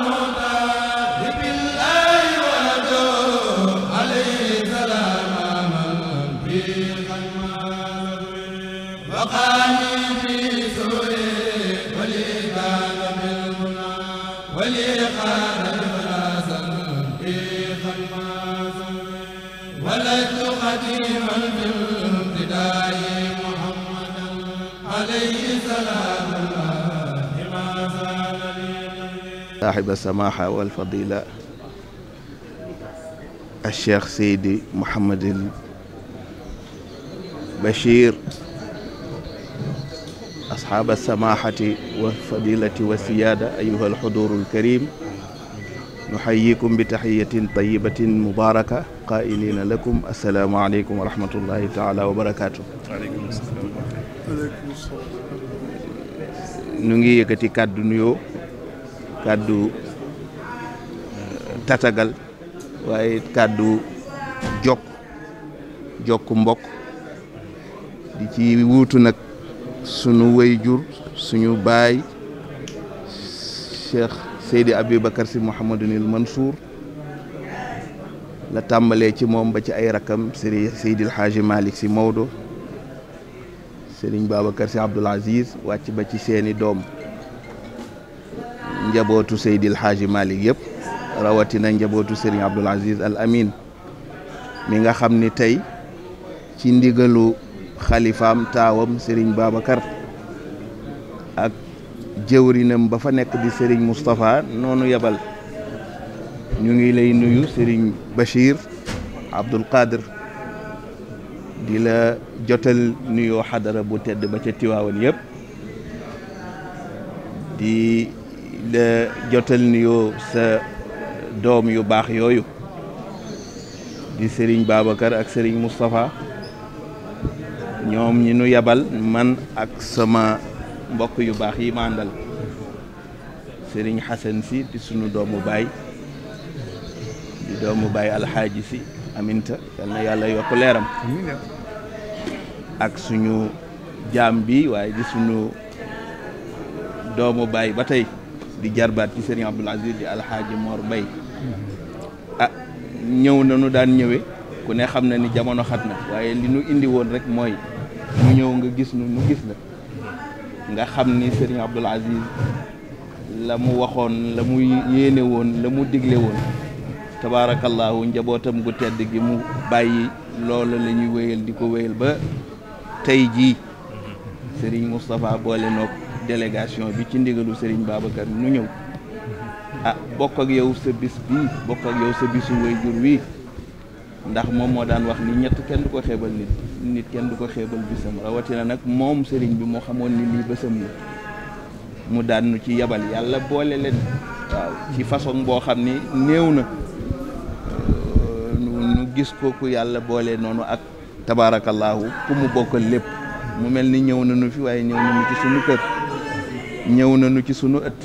Allah saaxiba samaha walfadila alcheikh seydi mohamadil bachir asxaaba samahati walfadilati wa siyaada ayuha alxuduru alkarim nuxayikum bi taxiyatin tayibatin mubaraka qaa'ilina lakum assalaamu aleykum wa rahmatullahi taala wa barakaatu nu ngi yëkkati kàddu nuyoo kàddu euh, tatagal waaye kàddu jokk jokk mbokk di ci wuutu nag sunu wayjur suñu baay Cheikh Seydi Aboubacar Sy Mouhamadunil Mansour la tàmbalee ci moom ba ci ay rakkam Sëriñ Seydil Hadji si Sy Maodo Sëriñ Babacar Sy Abdoul Aziz wàcc ba ci seeni doom njabootu Seydil Hadji Malick yëpp rawatina njabootu Serigne Abdoul Aziz Al Amin mi nga xam ni tey ci ndigalu xalifaam taawam Serigne Babacar ak jëwrinam ba fa nekk di Serigne Moustapha noonu yebal ñu ngi lay nuyu Serigne Bachir Abdoul Qadir di la jotal nuyoo xadara bu tedd ba ca Tiwaawan yëpp di. jotal yoo sa doom yu baax yooyu di Serigne Babacar ak Serigne Moustapha ñoom ñi nu yabal man ak sama mbokk yu baax yi ma sëriñ Serigne Xasan si di suñu doomu baay di doomu baay alxaaji si aminta yal na yàlla yokk leeram ak suñu jaam bi waaye di sunu doomu baay ba tey di jarbaat ci sëriñ Abdoul Aziz di alxaaji Mor Mbay ah ñëw na nu daan ñëwee ku ne xam na ni jamono xat na waaye li nu indi woon rek mooy mu ñëw nga gis nu nu gis la nga xam ni sëriñ Abdoul Aziz la mu waxoon la mu yéene woon la mu digle woon tabaarakallaahu njabootam gu tedd gi mu bàyyi loola lañuy ñuy di ko wéyal ba tey jii sëriñ Moustapha boole noog délégation bi ci ndigalu sëriñ Babacar nu ñëw ah bokk ak yow sa bis bii bokk ak yow sa bisu wayjur wii ndax moom moo daan wax ni ñett kenn du ko xeebal nit nit kenn du ko xeebal bisam rawatina nag moom Serigne bi mu xamoon ni lii bësam la mu daan nu ci yabal yàlla boole leen waaw ci façon boo xam ni néew na euh, nu gis ko ku yàlla boole noonu ak tabaarakallaahu ku mu bokkal lépp mu mel ni ñëw nañu fi waaye ñëw nañu ci suñu kër ñëw nañu ci sunu ëtt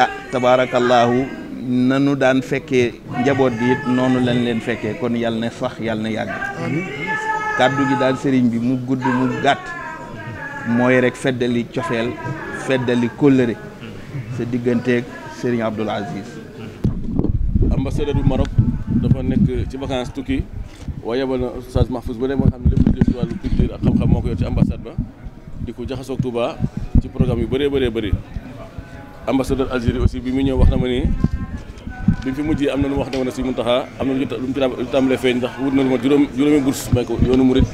ah tabaarakallaahu nanu daan fekkee njaboot gi it noonu lañ leen fekkee kon yal na sax yal na yàgg kàddu gi daal sëriñ bi mu gudd mu gàtt mooy rek feddali cofeel feddali kóllëre sa digganteeg sëriñ Abdoul Aziz ambassadeur bu Maroc dafa nekk ci vacances tukki waaye yebal na Oustaz Mahfouz ba ne moo xam ne lépp lu moo ko yor ci ambassade ba di ko jaxasoog Touba ci programme yu bëree bëree bëri ambassadeur Algérie aussi bi mu ñëw wax na ma ni bi fi mujjee am na lu ma wax na ma ne si Mountakha am na lu ci tàmbalee feeñ na lu ma juróom juróomi bourse may ko yoonu murit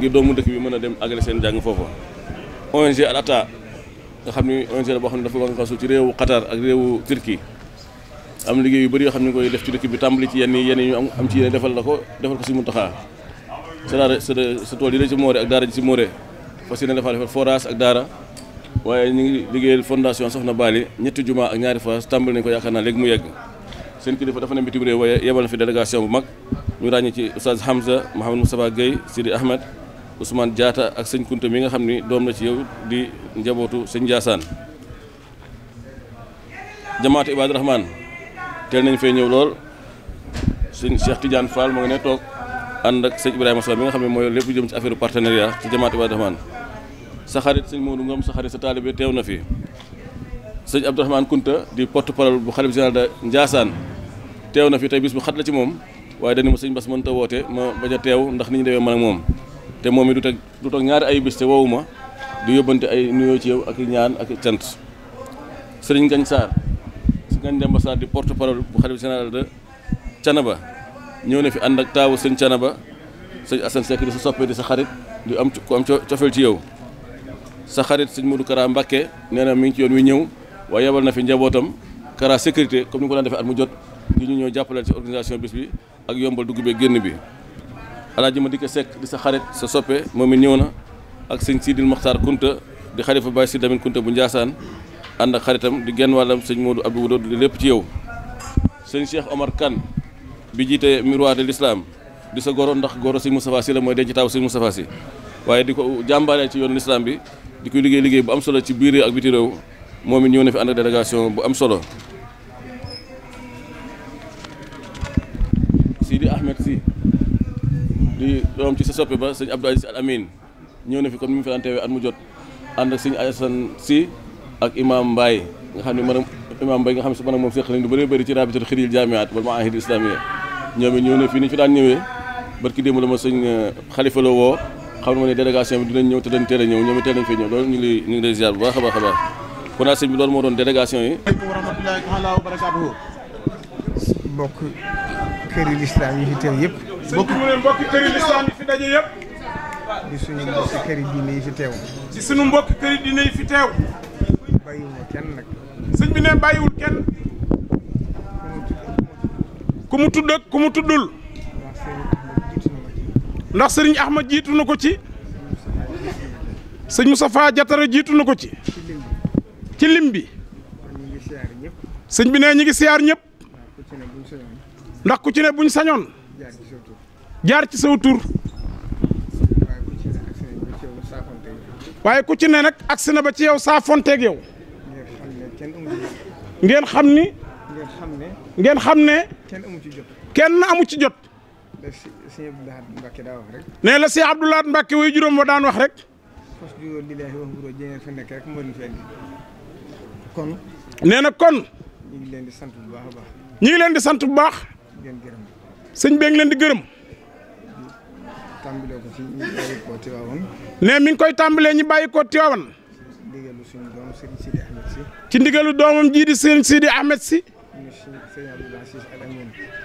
ngir doomu dëkk bi mën a dem àggale seen jàng foofa ONG Al Ataa nga xam ni ONG la boo xam ne dafa war nga ci réewu Qatar ak réewu Turquie am liggéey yu bëri xam ne koy def ci dëkk bi tàmbali ci yenn yenn ñu am am ci yenn defal la ko defal ko si Mountakha sa daara sa tool yi la ci mooré ak daara ji waaye ñu ngi liggéeyal fondation Soxna Bally ñetti juma ak ñaari phase tàmbali nañ ko yaakaar naa léegi mu yegg seen kilifa dafa ne bitim réew waaye yebal na fi délégation bu mag ñu ràññi ci Oustaz Hamza Mouhamed Moustapha Gueye Sidi Ahmed Ousmane Diatta ak sëñ Kunta nga xam ni doom na ci yow di njabootu sëñ Ndiassane jamaatu Ibadu Rahman teel nañ fee ñëw lool sëñ Cheikh Tidiane Fall moo nga ne toog ànd ak sëñ Ibrahima Sow mi nga xam ne mooy lépp jëm ci affaire partenariat ci jamaatu Ibadu sa xarit sëñ Modou Ngom sa xarit sa taalibe teew na fi sëñ Abdourahmane Kunta di porte parole bu xalif général de Ndiassane teew na fi tey bis bu xat la ci moom waaye dañu ma sëñ Bass mënta woote ma bañ teew ndax ni ñu demee man ak moom te moom it du teg du toog ñaari ay bis te woowu ma du yóbbante ay nuyoo ci yow ak ñaan ak cant sëriñ Ngagne Sarr Ngagne Demba Sarr di porte parole bu xalif général de Thiénaba ñëw ne fi ànd ak taawu sëñ Thiénaba sëñ Assane Seck di di sa xarit di am ku am ci yow sa xarit sëñ Modou Kara Mbacké nee na mi ngi ci yoon wi ñëw waaye yebal na fi njabootam Kara sécurité comme ni ko daan defee at mu jot di ñu ñëw jàppale si organisation bis bi ak yombal dugg génn bi alaaji ma dikke sekk di sa xarit sa soppe moom it ñëw na ak sëñ Sidil Maxtaar Kunta di xalifa Baye Sidy Lamine Kunta bu Njaasaan ànd ak xaritam di genn wàllam sëñ Modou Abdou Wadoud di lépp ci yow sëñ Cheikh Omar Kane bi jiite miroir de l'islam di sa goro ndax goro sëñ Moustapha Sy la mooy denc taaw sëñ Moustapha Sy waaye di ko jàmbaaree ci yoonu lislaam bi di koy liggéey liggéey bu am solo ci biir ak biti réew moom it ñëw na fi ànd ak bu am solo Sidi Ahmed si di doom ci sa soppe ba sëñ Abdou Aziz Al Amin ñëw na fi comme ni mu fi daan teewee at mu jot ànd ak sëñ Asan si ak imam Mbaye nga xam ne man imam Mbaye nga xam ne su man ak moom seq nañ lu bëri bëri ci rabitul xiril jaamiat wal maahid islamia ñoom it ñëw na fi ni ñu fi daan ñëwee barki démb la ma sëñ xalifa euh, la xam nga ne délégation bi dinañ ñëw te dañ teel a ñëw ñoom it teel nañ fee ñëw loolu ñu ngi ñu ngi lay ziar bu baax a baax a baax bi loolu moo doon délégation yi. aleykum wa rahmatulaahi taala wa barakaatuhu. mbokk këri lislaam yi fi teew yëpp. mbokk bi ne bàyyiwul kenn. ku mu tudd ku mu tuddul. ndax sëriñ Ahmad jiitu na ko ci sëñ Moustapha Jatara jiitu na ko ci ci lim bi sëñ bi nee ñi ngi siyaar ñëpp ndax ku ci ne buñ sañoon jaar ci saw tur waaye ku ci ne nag agsi na ba ci yow saafonteeg yow ngeen xam ni ngeen xam ne kenn amu ci jot la si sëñ Abdoulahat Mbacke daa wax rek. nee la sëñ Abdoulahat Mbacke wuy juróom ba daan wax rek. fas ju lillaahi fi nekk rek moo leen kon. nee na kon. ñu leen di sant bu baax a baax. ñu leen di sant bu baax. di gërëm. sëñ bi leen di gërëm. tàmbalee ko ci ñi bàyyi ko Tiwaawan. nee mi ngi koy tàmbalee ñi bàyyi ko Tiwaawan. ci ndigalu suñu doom Serigne ci doomam jii di Serigne Sidi Ahmed si.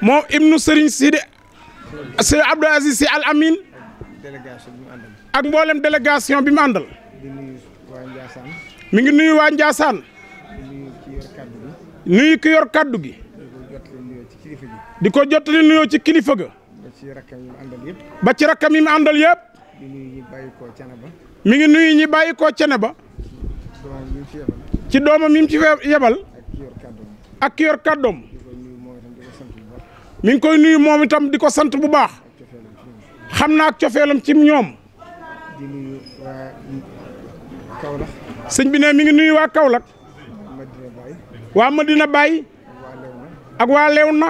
moom ibnu Serigne Sidi sëñ Abdou Aziz Sy Al Amin ak mboolem délégation bi mu àndal mi ngi nuyu waa Ndiassane nuyu ki yor kaddu gi di ko jottali nuyoo ci kilifa ga ba ci rakkam yi mu àndal yëpp mi ngi nuyu ñi bàyyi koo cene ba ci doomam yi mu ci yebal ak ki yor kaddoom mi ngi koy nuyu moom itam di ko sant bu baax xam naa ak cofeelam ci ñoom. di nuyu bi ne mi ngi nuyu waa Kaolack. waa Madina Baye. ak waa Léona.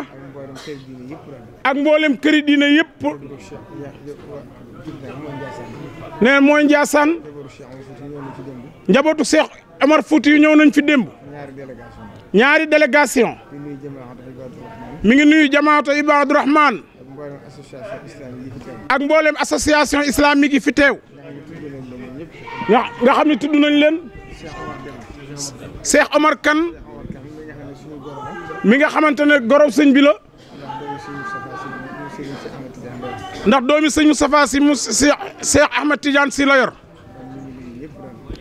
ak mboolem këri diine yëpp. ne mooy Ndiassane. njabootu Cheikh Omar Fouti ñëw nañ fi démb. ñaari délégation. ñaari délégation. mi ngi nuyu jamaatu Ibadu Rahman ak mboolem association islamique yi fi teew nga xam ne tudd nañ leen Cheikh Omar Kane mi nga xamante ne gorob sëñ bi ndax doomi sëñ Moustapha si mu Cheikh Ahmed Tidiane si la yor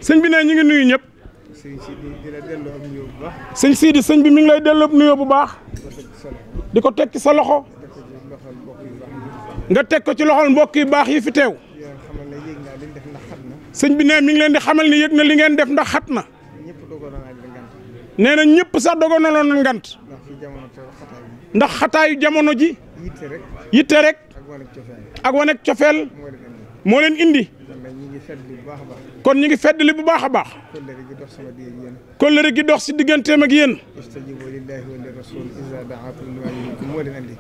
sëñ bi ne ñu ngi nuyu ñëpp. sëñ Sidi di la delloo sëñ bi mi lay delloo nuyoo bu baax. di ko tekki sa loxo. nga teg ko ci loxol mbokk yu baax yi fi teew. sëñ bi ne mi leen di xamal ni yëg na li ngeen def ndax xat na. nee na ñëpp sax dogoon na loon ngant. ndax xataayu jamono ji. yitte rek. ak wane cofeel. moo leen indi. kon ñu ngi feddali bu baax a baax. kóllëre gi dox sama digg ak yéen. dox si digganteem ak yéen. istajibu lillahi wa lirrasul moo leen indi.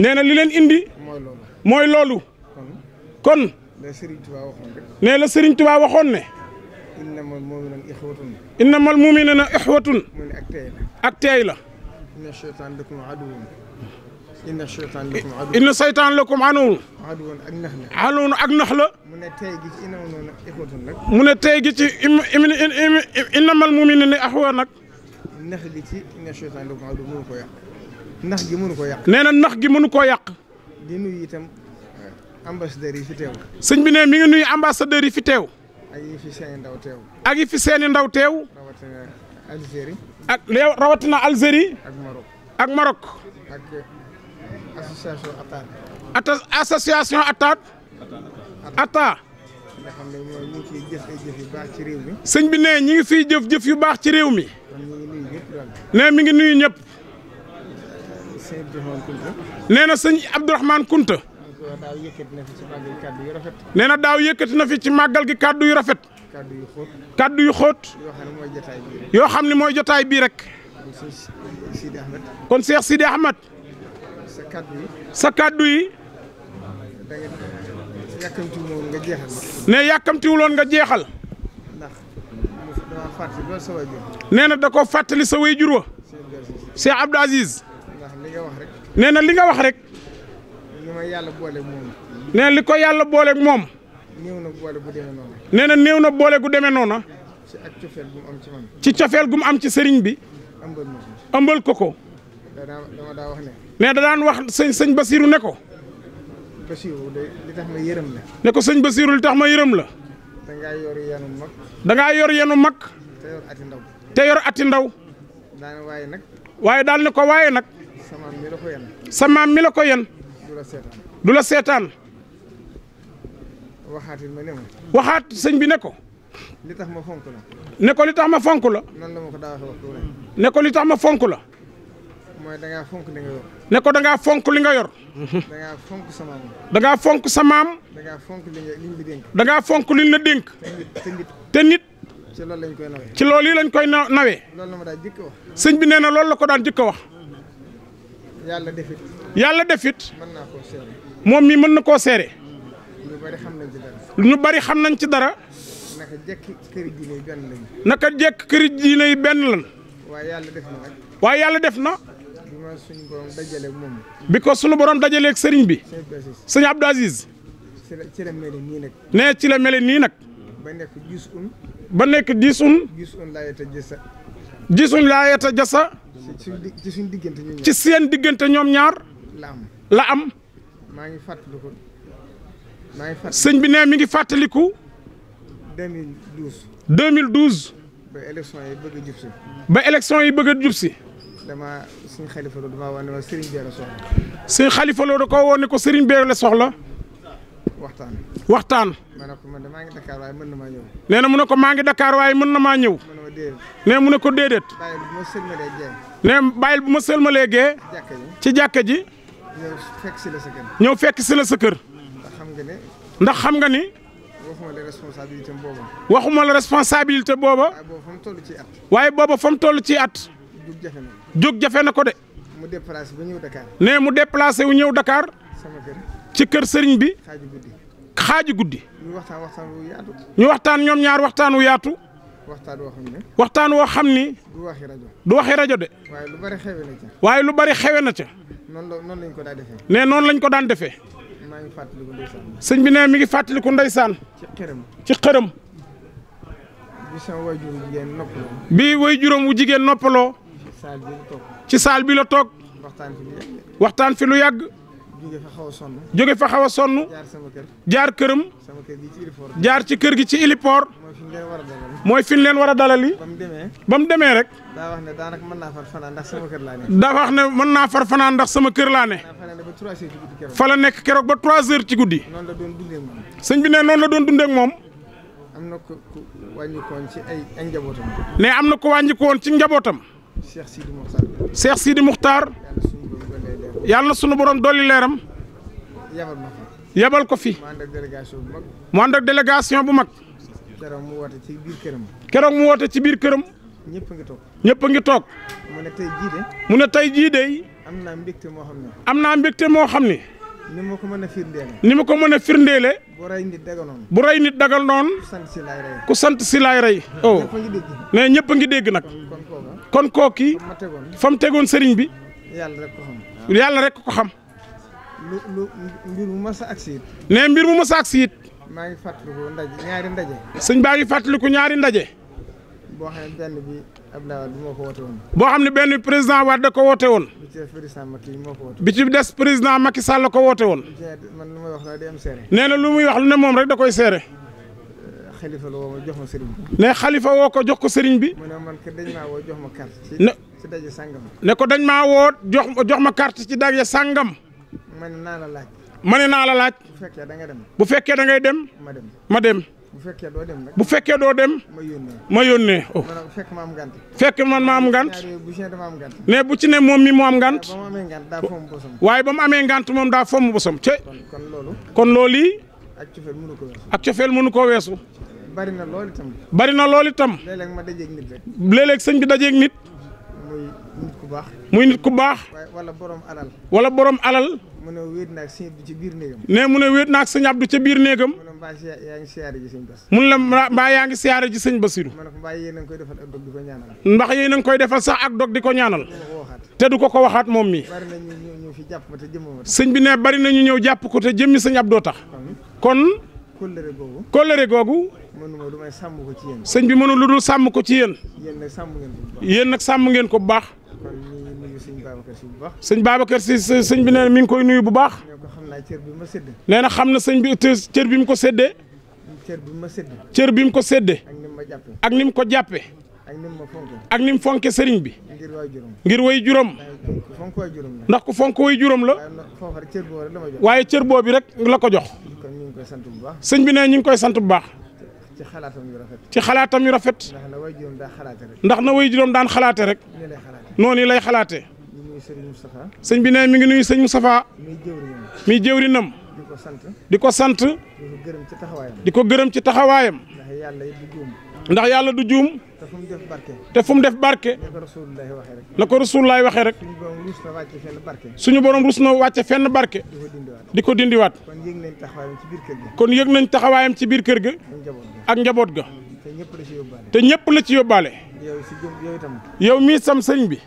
nee na li leen indi. mooy loolu. mooy loolu. kon. la Serigne Touba waxoon nee la Serigne Touba waxoon ne. innamal mu'minuna ixwatun. innamal mu'minuna ixwatun. mu ne ak tey la. ak tey la. inna shaytaan lakum aduwwun. inna seytaan lakum adu inna seytaan lakum anu ak nax la anuun ak nax la mu ne tey gi ci inaw noonu ixwatun nag ne tey gi ci innamal mu'minina nag nax gi ci inna seytaan lakum adu mënu ko yàq nax gi mënu ko yàq nee na nax gi mënu koo yàq di nuyu itam eh, ambassadeurs yi fi teew sëñ bi ne mi ngi yi fi teew ak yi fi seeni ndaw teew ak i fi seeni ndaw teew rawatina Algérie ak léew rawatina Algérie ak Maroc ak association Atta. Atta association Atta. Atta. nga xam ne mooy ñu ngi ay ci réew mi. sëñ bi ne ñi ngi fiy jëf jëf yu baax ci réew mi. nee mi ngi nuyu ñëpp. nee na sëñ Abdourahmane Kunta. nee na daaw yëkkati na fi ci màggal gi kàddu yu rafet. kàddu yu xóot. kàddu yu yoo xam ne mooy jotaay bii rek. kon Cheikh Sidi Ahmed. sa kàddu yi. ne yàkkamtiwuloon nga jeexal. nee na da koo fàttali sa waajur wa. Cheikh Abdou Aziz. nee na li nga wax rek. nee na li ko yàlla booleeg moom. nee na néew na boole gu demee noona. ci cofeel gu mu am ci sëriñ bi. ëmbal ko ko. dama daa wax ne. mais da daan wax sëñ sëñ Basiru ne ko. Basiru li tax ma yérëm la. ne ko sëñ Basiru li tax ma yërëm la. da yor yenu mag. da yor yenu mag. te yor ati ndaw. te yor ati ndaw. waaye nag. waaye daal ne ko waaye nag. samaam mi la ko yen. mi la ko yen. du la seetaan. du la seetaan. waxaatit ma ne ma. waxaat sëñ bi ne ko. li tax ma fonk la. ne li tax ma fonk la. nan la ma ko daa li tax ma fonk la. mooy dangaa fonk li nga yor. ne ko dangaa fonk li nga yor. dangaa fonk sa maam. dangaa fonk sa maam. dangaa fonk li nga dénk. dangaa fonk liñ la dénk. te nit te nit. ci loolu lañ koy nawee. ci loolu yi lañ koy nawee. loolu la ma daan jëkk wax. bi nee na loolu la ko daan jëkk wax. yàlla defit. yàlla defit. mën naa koo seere. moom mii mën na koo seere. ñu xam nañ ci dara. ñu bari xam nañ ci dara. naka jekk këri diine yi naka jekk këri diine yi benn lañ. waaye yàlla def na nag. waaye yàlla def na. bi ko suñu borom dajaleeg sëriñ bi. sëñ Abdou Aziz. ci la mel nii nag. nee ci la mel nii nag. ba nekk gis un. ba nekk gis un. gis un laayata jasa. gis un laayata jasa. ci suñu diggante ñoom ñaar seen diggante ñoom ñaar. la am la am. maa ngi fàttaliku. maa ngi fàttaliku sëñ bi nee mi ngi fàttaliku. 2012. 2012. ba élection yi bëgg a jub si. ba élection yi bëgg a jub si. sëñ Xalifa Lo damaa wax ne ma Serigne Beye la soxla. sëñ Xalifa Lo da ko woon ne ko Serigne Beye la soxla. waxtaan. waxtaan. ma ne ko maa ngi Dakar waaye mën na maa ñëw. nee na mu ne ko maa ngi Dakar waaye mën na maa ñëw. nee mu ne ko déedéet. bàyyil bu ma sëlmalee gee. nee bàyyil bu ma sëlmalee gee. ci jàkka ji. ñëw fekk si la sa kër. ñëw fekk si sa kër. ndax xam nga ne. ndax xam nga ni. waxuma la responsabilité booba. waxuma la responsabilité booba. waaye booba fa mu toll ci at. waaye booba fa ci at. jóg jafe na ko. ko de. mu déplacé wu ñëw Dakar. nee mu déplacé wu ñëw dakaar sama kër. ci kër sëriñ bi. xaaju guddi. xaaju guddi. ñu waxtaan waxtaan wu yaatu. ñu waxtaan ñoom ñaar waxtaan yaatu. waxtaan woo xam ne. waxtaan woo xam ni. du waxi rajo. du rajo de. waaye lu bari xewe na ca. waaye lu bari xewe na ca. noonu la noonu lañ ko daan defee. nee noonu lañ ko daan defee. maa ngi fàttaliku ndeysaan. sëñ bi nee mi ngi fàttaliku ndeysaan. ci xërëm ci xërëm. bi sama wajuram wu jigéen noppaloo. wu jigéen noppaloo. ci saal bii la toog. waxtaan fi lu yàgg. jóge fa xaw a sonn. jóge fa xaw a sonn. jaar sama jaar këram. sama kër gi ci héliport. jaar ci kër gi ci héliport. mooy fi leen war a dalal. mooy fi leen war a dalal yi. ba mu demee. rek. daa wax ne daanaka mën naa far fanaan ndax sama kër laa ne. daa wax ne mën naa far fanaan ndax sama kër laa ne. fa la nekk keroog ba trois heures ci guddi. noonu la doon sëñ bi ne noonu la doon dundee moom. am na ko wàññi ko woon ay njabootam. ne am na ko wàññi ko woon ci njabootam. Cheikh Sidi Moukhtar. Cheikh Sidi Moukhtar. yàlla na sunu borom dolli leeram. yabal ko fi. mu ànd ak délégation bu mag. bu mag. keroog mu woote ci biir këram. keroog mu woote ci biir këram. ñëpp a ngi toog. toog. mu ne tey jii mu ne tey jii de. am naa mbégte moo xam ne. am naa mbégte moo xam ne. ni ma ko mën a firndeele. ni ma ko mën a firndeele. bu rey nit dagal noonu. bu rey nit dagal noonu. ku sant si laay rey. ku sant si oh. ngi dégg nag. kon kooki fa mu tegoon sëriñ bi. yàlla rek ko xam. yàlla rek ko xam. lu lu mbir mu mës a agsi it. nee mbir mu mës a agsi it. maa ngi fàttaliku ndaje ñaari ndaje. sëñ baa ngi fàttaliku ñaari ndaje. boo xam ne benn bi Abdoulaye Wade moo ko woote woon. boo xam ne benn président Wade da ko woote woon. bi ci des président Macky moo ko woote. bi ci des président Macky Sall ko woote woon. nee na lu muy wax ne moom rek da koy seere. xalifa la woo jox ma sëriñ bi. ne xalifa woo ko jox ko sëriñ bi. mu ne man kat dañ maa woo jox ma carte. ne ci daje ne ko dañ maa woo jox jox ma carte ci daje sangam ma ne naa la laaj. ma ne naa la laaj. bu fekkee da nga dem. bu fekkee da ngay dem. ma dem ma dem. bu fekkee doo dem bu fekkee doo dem. ma yónnee ma yónnee. oh fekk ma am gant. fekk man ma am gant. ne bu ci ne moom mi mu am gant. waaye ba mu amee gant moom daa fomm bosom te. kon loolu. kon loolu yi. ak cofeel mënu ko weesu. ak mënu ko weesu. bari na lool itam. bari na lool itam. léeg-léeg ma dajeeg nit sëñ bi dajeeg nit. muy nit ku baax. muy nit ku baax. wala borom alal. wala borom alal. mu ne wéet naag sëñ Abdou ci biir néegam. nee mu ne wéet naag sëñ Abdou ca biir néegam. mu ne mbaa yaa ngi siyaare ji sëñ la mbaa yaa ngi siyaare ji sëñ Basiru. mu ne ko mbaa yéen a ngi koy defal ak dog di koy defal sax ak dog di ko ñaanal. te du ko ko waxaat moom mi bari na ñu ñëw fi jàpp ko te jëmmoo tax. sëñ bi ne bari na ñu ñëw jàpp ko te jëmmi sëñ doo tax. kon. kóllëre googu. kóllëre googu. mënuma lu may sàmm ko ci yéen. sëñ bi mënu lu dul sàmm ko ci yen yéen nag sàmm ngeen ko bu baax ngeen ko bu baax. kon ñu sëñ bu baax. sëñ Babacar si sëñ bi nee na mi ngi koy nuyu bu baax. nee na xam naa cër ma séddee. nee na na sëñ bi cër bi mu ko séddee. cër bi ma séddee. cër bi mu ko séddee. ak ni ma jàppee. ak ni mu ko jàppee. ak ni mu ma fonkee. ak ni mu fonkee sëriñ bi. ngir way juróom. ngir way juróom. ndax ku fonk way juróom la. waaye cër boobu rek la ma waaye cër boobu rek la ko jox. sant bu baax. sëñ bi nee ñu ngi koy sant bu baax. ci xalaatam yu rafet. ci xalaatam yu rafet. ndax na way juróom daan xalaate rek. ndax na way juróom daan xalaate rek. noonu lay xalaate. sëñ bi ne mi ngi nuy nuyu sëñ Moustapha. mi jëwrinam. di ko sant. di ko sant. gërëm ci taxawaayam. di ko gërëm ci taxawaayam. yàlla du juum. ndax yàlla du juum. te fu mu def barke. fu mu def barke. na ko Rasulullahi waxee rek. na ko Rasulullahi waxee rek. suñu borom ruus na wàcce fenn barke. suñu borom ruus na wàcce fenn barke. di ko dindiwaat. kon yëg nañ taxawaayam ci biir kër ga. kon yëg nañ taxawaayam ci biir kër ga. ak njaboot ga. te ñëpp la ci yóbbaale. te ñëpp la ci yóbbaale. yow si jëm yow itam. yow mii sam sëriñ bi.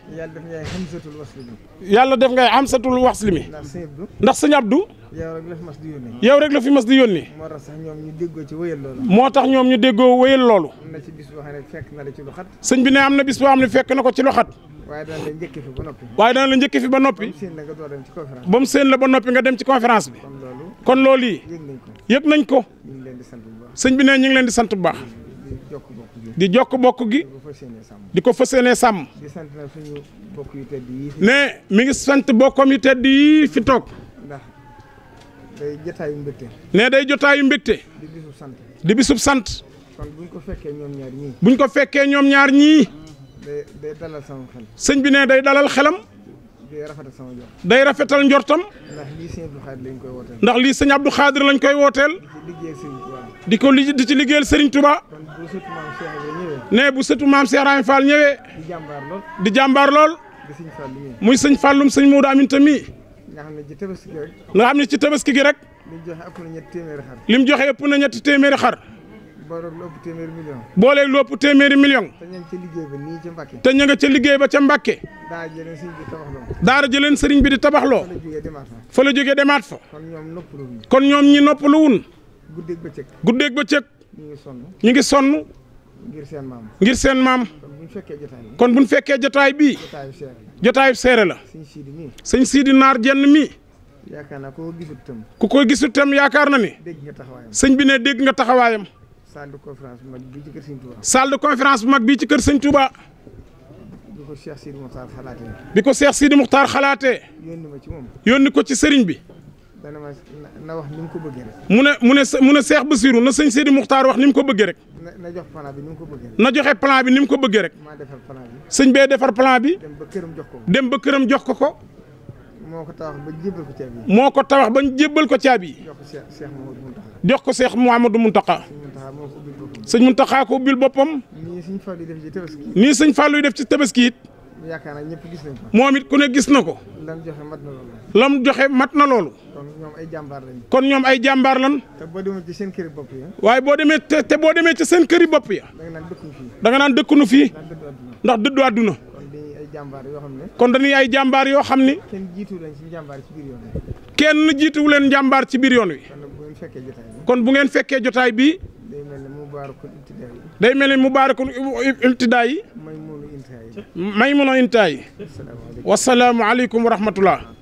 yàlla def ngay xamsatul wasli mi. def ngay xamsatul wasli mi. ndax sëñ Abdou. ndax sëñ Abdou. yow rek la fi mas di yónni. yow rek la fi mas moo tax ñoom ñu déggoo ci wéyal loolu. moo tax ñoom ñu déggoo wéyal loolu. am na ci bis boo xam ne fekk na la ci lu xat. sëñ bi ne am na bis boo xam ne fekk na ko ci lu waaye dana la njëkk fi ba noppi. ba mu seen la ba noppi nga dem ci conférence bi. kon loolu yi. yëg nañ ko. sëñ bi ne ñu ngi leen di sant bu baax di jokk bokk gi. di ko fas sàmm. di sant nag suñu bokk yu tedd yi. mi ngi sant bokkam yu tedd yi fi toog. ndax day jotaayu mbégte. day jotaayu mbégte. di bisub sant. di bisub sant. ko fekkee ñoom ñaar ñii. buñ ko fekkee ñoom ñaar ñii. day day dalal sëñ bi ne day dalal xelam. day rafetal sama njort. day rafetal njortam. ndax lii sëñ Abdou Khadir lañ ndax lii sëñ Abdou lañ koy wooteel. di ko li di ci liggéeyal Serigne Touba. nee bu sëtu maam Cheikh Ibrahima Fall ñëwee. di jàmbaar lool. di jàmbaar muy sëñ Falloum sëñ Modou Aminta mii. nga xam ne ci tabaski gi rek. nga xam ne ci tabaski gi rek. li mu joxe ëpp na ñetti téeméeri xar. li joxe ëpp na ñetti téeméeri xar. booleeg lu ëpp téeméeri million. booleeg lu million. te ña nga liggéey ba nii ca Mbacke. te ña ca liggéey ba ca Mbacke. daara jëleen sëriñ bi di tabaxloo. daara jëleen sëriñ bi di tabaxloo. fa la jógee demaat fa. fa la jógee kon ñoom noppaluwun. kon ñoom ñi guddeeg bëccëg. guddeeg bëccëg. ñu ngi sonn ñu ngi sonn. ngir seen maam. ngir seen maam. kon bu ñu fekkee jotaay bi. kon bu fekkee jotaay bi. jotaayu seere la. sëñ Sidi mii. sëñ Sidi Naar jenn mii. yaakaar naa ku ko gisut tam. ku ko gisut tam yaakaar na ni. dégg nga taxawaayam sëñ bi ne dégg nga taxawaayam. salle de conférence bu mag bii ci kër sëñ Touba. salle bii ci kër sëñ Touba. bi ko Cheikh Sidi Moukhtar xalaatee. bi ko Cheikh Sidi Moukhtar xalaatee. yónni ma ci moom. yónni ko ci sëriñ bi. na wax ni mu ko bëggee mu ne mu ne seex ne Cheikh Bassirou na sëñ Sidi Muxtaar wax ni mu ko bëggee rek. na jox plan bi ni ko bëggee rek. na joxe plan bi ni mu ko bëggee rek. maa defar plan bi. sëñ bee defar plan bi. dem ba këram jox ko dem ba këram jox ko ko. moo ko tabax ba jébbal ko caabi moo ko tabax ba jébbal ko caabi yi. jox ko Cheikh Mouhamadou Mountakha. jox ko Cheikh taxa Mountakha. sëñ Mountakha ko ubbil boppam. nii sëñ Fallou def ci tabaski. nii sëñ Fallou def ci tabaski it. yaakaar ñëpp gis nañ ko. moom it ku ne gis na ko. lam joxe mat na loolu. lam joxe mat na loolu. kon ñoom ay jàmbaar lañ. kon ñoom ay jàmbaar lañ. te boo ci seen këri bopp waaye boo demee te te boo demee ca seen këri bopp ya. da nga naan dëkkuñu fii. da nga naan dëkkuñu fii. ndax dëddu àdduna. kon dañuy ay jàmbaar yoo xam ni kenn jàmbaar ci biir yoon wi. kenn jiituwu leen jàmbaar ci biir yoon wi. kon bu ngeen fekkee jotaay bi. day mel ni mubaarakul ibtidaa yi. day mel ni mubaarakul ibtidaa yi. may mun a intaay wasalaamu aleykum wa rahmatullah